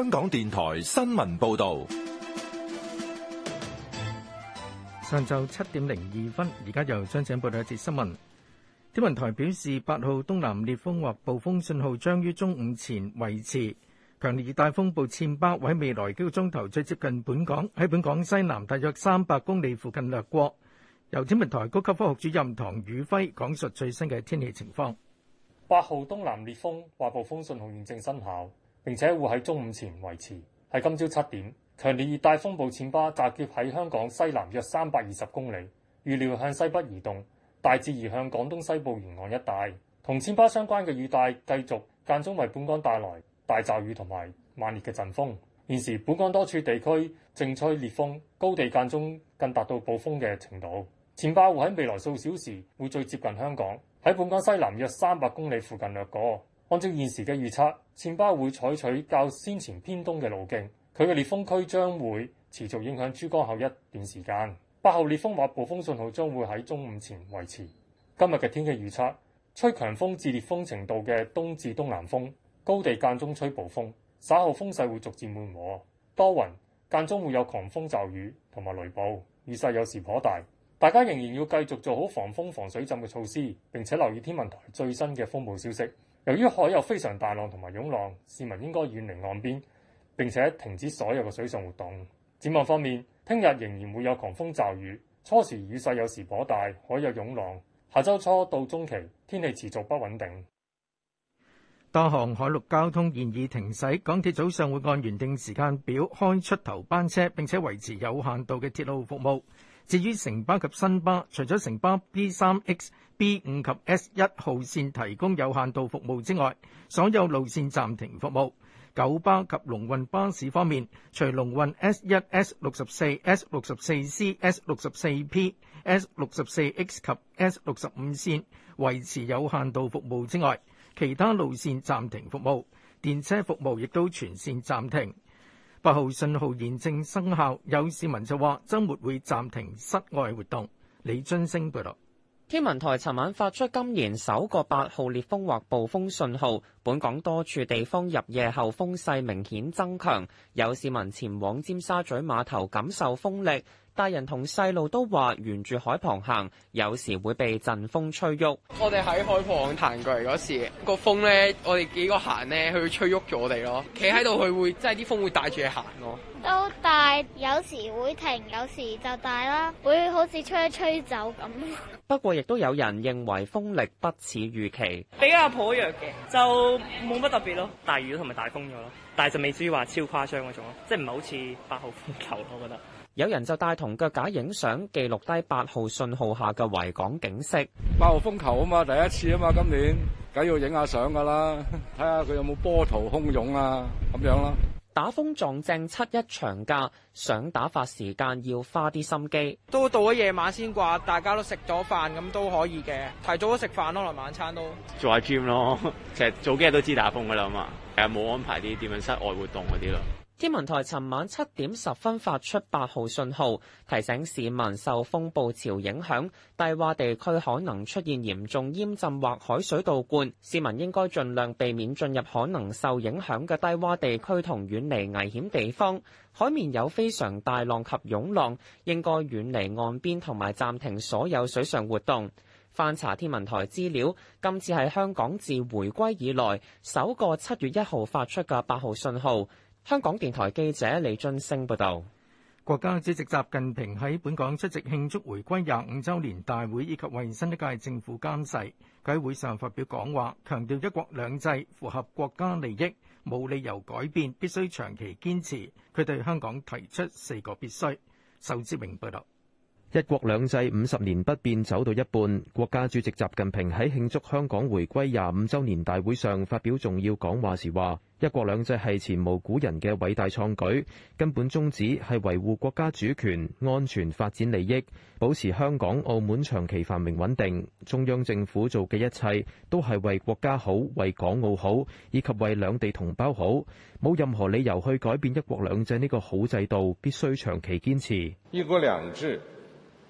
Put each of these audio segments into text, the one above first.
香港電台新聞報道，上晝七點零二分，而家由張子影報道一節新聞。天文台表示，八號東南烈風或暴風信號將於中午前維持。強烈熱帶風暴暹芭喺未來幾個鐘頭最接近本港，喺本港西南大約三百公里附近掠過。由天文台高級科學主任唐宇輝講述最新嘅天氣情況。八號東南烈風或暴風信號現正生效。並且會喺中午前維持，喺今朝七點，強烈熱帶風暴千巴集結喺香港西南約三百二十公里，預料向西北移動，大致移向廣東西部沿岸一帶。同千巴相關嘅雨帶繼續間中為本港帶來大驟雨同埋猛烈嘅陣風。現時本港多處地區正吹烈風，高地間中更達到暴風嘅程度。千巴會喺未來數小時會最接近香港，喺本港西南約三百公里附近掠過。按照現時嘅預測，颱巴會採取較先前偏東嘅路徑，佢嘅烈風區將會持續影響珠江口一段時間。八號烈風或暴風信號將會喺中午前維持。今日嘅天氣預測，吹強風至烈風程度嘅東至東南風，高地間中吹暴風，稍後風勢會逐漸緩和，多雲間中會有狂風驟雨同埋雷暴，雨勢有時頗大。大家仍然要繼續做好防風防水浸嘅措施，並且留意天文台最新嘅風暴消息。由於海有非常大浪同埋湧浪，市民應該遠離岸邊並且停止所有嘅水上活動。展望方面，聽日仍然會有狂風驟雨，初時雨勢有時頗大，海有湧浪。下周初到中期，天氣持續不穩定。多項海陸交通現已停駛，港鐵早上會按原定時間表開出頭班車，並且維持有限度嘅鐵路服務。至於城巴及新巴，除咗城巴 P 三 X、B 五及 S 一號線提供有限度服務之外，所有路線暫停服務。九巴及龍運巴士方面，除龍運 S 一、S 六十四、S 六十四 C、S 六十四 P、S 六十四 X 及 S 六十五線維持有限度服務之外，其他路線暫停服務。電車服務亦都全線暫停。八號信號現正生效，有市民就話周末會暫停室外活動。李津星報道，天文台尋晚發出今年首個八號烈風或暴風信號，本港多處地方入夜後風勢明顯增強，有市民前往尖沙咀碼頭感受風力。大人同細路都話沿住海旁行，有時會被陣風吹喐、那個。我哋喺海旁彈過嚟嗰時，個風咧，我哋幾個行咧，佢吹喐咗我哋咯。企喺度，佢會即係啲風會帶住你行咯。都大，有時會停，有時就大啦。會好似吹一吹走咁。 不過亦都有人認為風力不似預期，比較頗弱嘅，就冇乜特別咯。大雨同埋大風咗咯。但係就未至於話超誇張嗰種咯，即係唔係好似八號風球咯？我覺得有人就帶同腳架影相，記錄低八號信號下嘅維港景色。八號風球啊嘛，第一次啊嘛，今年梗要影下相㗎啦，睇下佢有冇波濤洶湧啊咁樣啦。打風撞正七一長假，想打發時間要花啲心機。都到咗夜晚先啩，大家都食咗飯咁都可以嘅，提早咗食飯咯，來晚餐都做下 gym 咯，其實早幾日都知打風噶啦嘛，其實冇安排啲點樣室外活動嗰啲咯。天文台尋晚七點十分發出八號信號，提醒市民受風暴潮影響，低洼地區可能出現嚴重淹浸或海水倒灌。市民應該盡量避免進入可能受影響嘅低洼地區，同遠離危險地方。海面有非常大浪及湧浪，應該遠離岸邊同埋暫停所有水上活動。翻查天文台資料，今次係香港自回歸以來首個七月一號發出嘅八號信號。香港電台記者李俊升報道，國家主席習近平喺本港出席慶祝回歸廿五周年大會以及為新一屆政府監誓。佢喺會上發表講話，強調一國兩制符合國家利益，冇理由改變，必須長期堅持。佢對香港提出四個必須。仇志明報道。一國兩制五十年不變走到一半，國家主席習近平喺慶祝香港回歸廿五週年大會上發表重要講話時話：一國兩制係前無古人嘅偉大創舉，根本宗旨係維護國家主權、安全、發展利益，保持香港、澳門長期繁榮穩定。中央政府做嘅一切都係為國家好、為港澳好，以及為兩地同胞好，冇任何理由去改變一國兩制呢個好制度，必須長期堅持。一國兩制，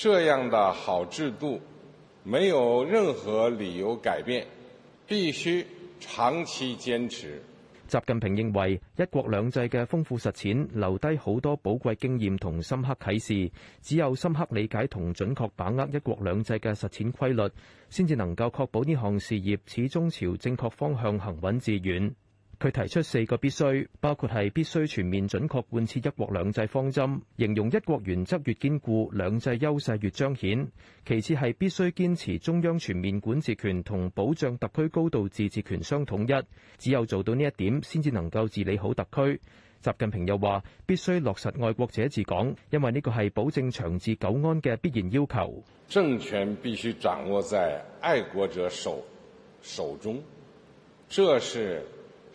這樣的好制度，沒有任何理由改變，必須長期堅持。習近平認為，一國兩制嘅豐富實踐，留低好多寶貴經驗同深刻啟示。只有深刻理解同準確把握一國兩制嘅實踐規律，先至能夠確保呢項事業始終朝正確方向行穩致遠。佢提出四個必須，包括係必須全面準確貫徹一國兩制方針，形容一國原則越堅固，兩制優勢越彰顯，其次係必須堅持中央全面管治權同保障特區高度自治權相統一，只有做到呢一點先至能夠治理好特區。習近平又話，必須落實愛國者治港，因為呢個係保證長治久安嘅必然要求。政權必須掌握在愛國者手手中，這是，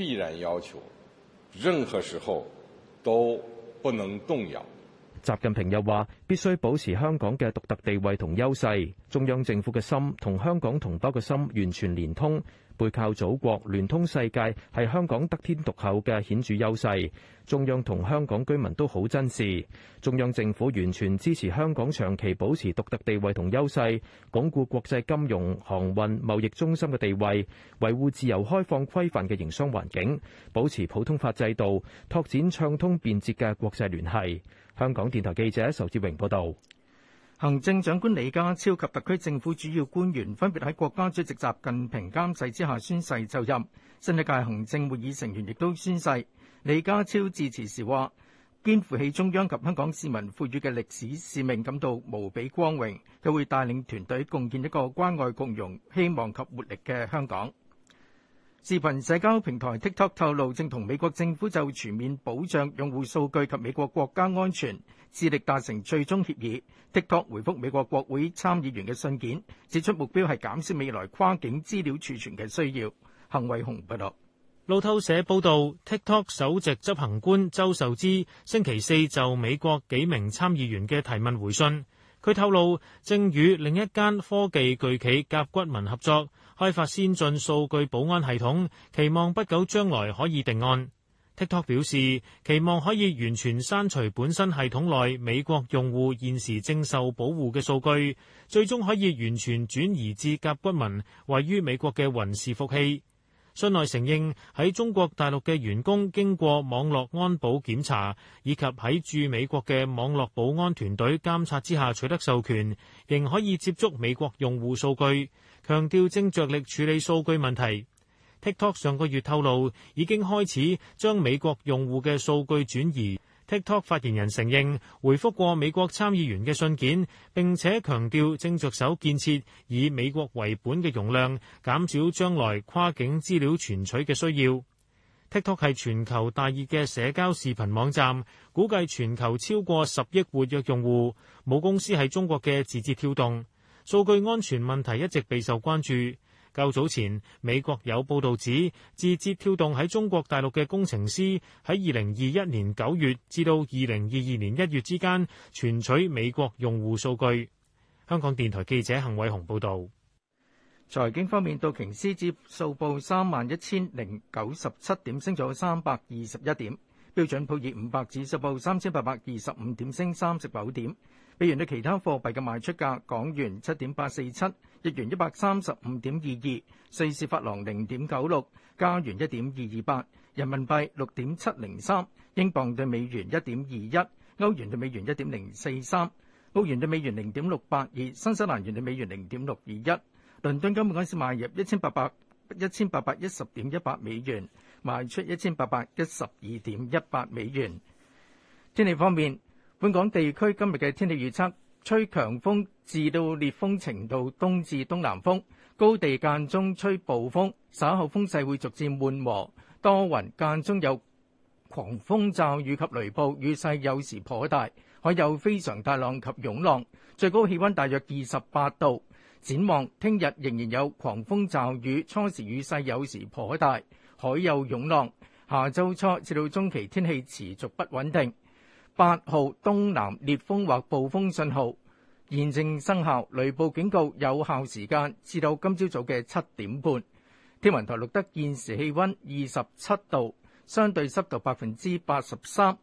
必然要求，任何時候都不能動搖。習近平又話必須保持香港嘅獨特地位同優勢，中央政府嘅心同香港同胞嘅心完全連通。背靠祖國，聯通世界，係香港得天獨厚嘅顯著優勢，中央同香港居民都好珍視，中央政府完全支持香港長期保持獨特地位同優勢，鞏固國際金融、航運、貿易中心嘅地位，維護自由開放、規範嘅營商環境，保持普通法制度，拓展暢通便捷嘅國際聯繫，香港電台記者仇志榮報道。行政長官李家超及特區政府主要官員分別喺國家主席習近平監誓之下宣誓就任，新一屆行政會議成員亦都宣誓。李家超致辭時話，肩負起中央及香港市民賦予嘅歷史使命，感到無比光榮，又會帶領團隊共建一個關愛、共融、希望及活力嘅香港。視頻社交平台 TikTok 透露，正同美國政府就全面保障用戶數據及美國國家安全，致力達成最終協議。TikTok 回覆美國國會參議員嘅信件，指出目標係減少未來跨境資料儲存嘅需要。幸偉雄報導。路透社報道，TikTok 首席執行官周受資星期四就美國幾名參議員嘅提問回信，佢透露正與另一間科技巨企甲骨文合作。開發先進數據保安系統，期望不久將來可以定案。TikTok 表示期望可以完全刪除本身系統內美國用戶現時正受保護嘅數據，最終可以完全轉移至甲骨文位於美國嘅雲伺服器。信內承認喺中國大陸嘅員工經過網絡安保檢查，以及喺駐美國嘅網絡保安團隊監察之下取得授權，仍可以接觸美國用戶數據。強調正着力處理數據問題。TikTok 上個月透露已經開始將美國用戶嘅數據轉移。TikTok 發言人承認回覆過美國參議員嘅信件，並且強調正着手建設以美國為本嘅容量，減少將來跨境資料存取嘅需要。TikTok 係全球大熱嘅社交視頻網站，估計全球超過十億活躍用戶。母公司係中國嘅字節跳動。數據安全問題一直備受關注。較早前，美國有報道指，字節跳動喺中國大陸嘅工程師喺二零二一年九月至到二零二二年一月之間，存取美國用戶數據。香港電台記者幸偉雄報道。財經方面，道瓊斯指數報三萬一千零九十七點，升咗三百二十一點。標準普爾五百指數報三千八百二十五點，升三十九點。美元對其他貨幣嘅賣出價：港元七點八四七，日元一百三十五點二二，瑞士法郎零點九六，加元一點二二八，人民幣六點七零三，英鎊對美元一點二一，歐元對美元一點零四三，澳元對美元零點六八二，新西蘭元對美元零點六二一。倫敦金本港市賣入一千八百一千八百一十點一八美元。賣出一千八百一十二點一八美元。天氣方面，本港地區今日嘅天氣預測，吹強風至到烈風程度，東至東南風，高地間中吹暴風。稍後風勢會逐漸緩和，多雲間中有狂風驟雨及雷暴，雨勢有時頗大，海有非常大浪及湧浪。最高氣溫大約二十八度。展望聽日仍然有狂風驟雨，初時雨勢有時頗大。海有湧浪，下周初至到中期天氣持續不穩定。八號東南烈風或暴風信號現正生效，雷暴警告有效時間至到今朝早嘅七點半。天文台錄得現時氣温二十七度，相對濕度百分之八十三。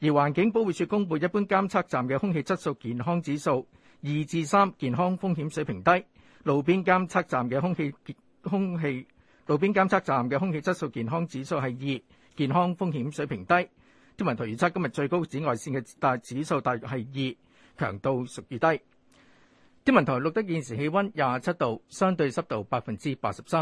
而環境保護署公布一般監測站嘅空氣質素健康指數二至三，3，健康風險水平低。路邊監測站嘅空氣空氣。空氣路邊監測站嘅空氣質素健康指數係二，健康風險水平低。天文台預測今日最高紫外線嘅大指數大約係二，強度屬於低。天文台錄得現時氣溫廿七度，相對濕度百分之八十三。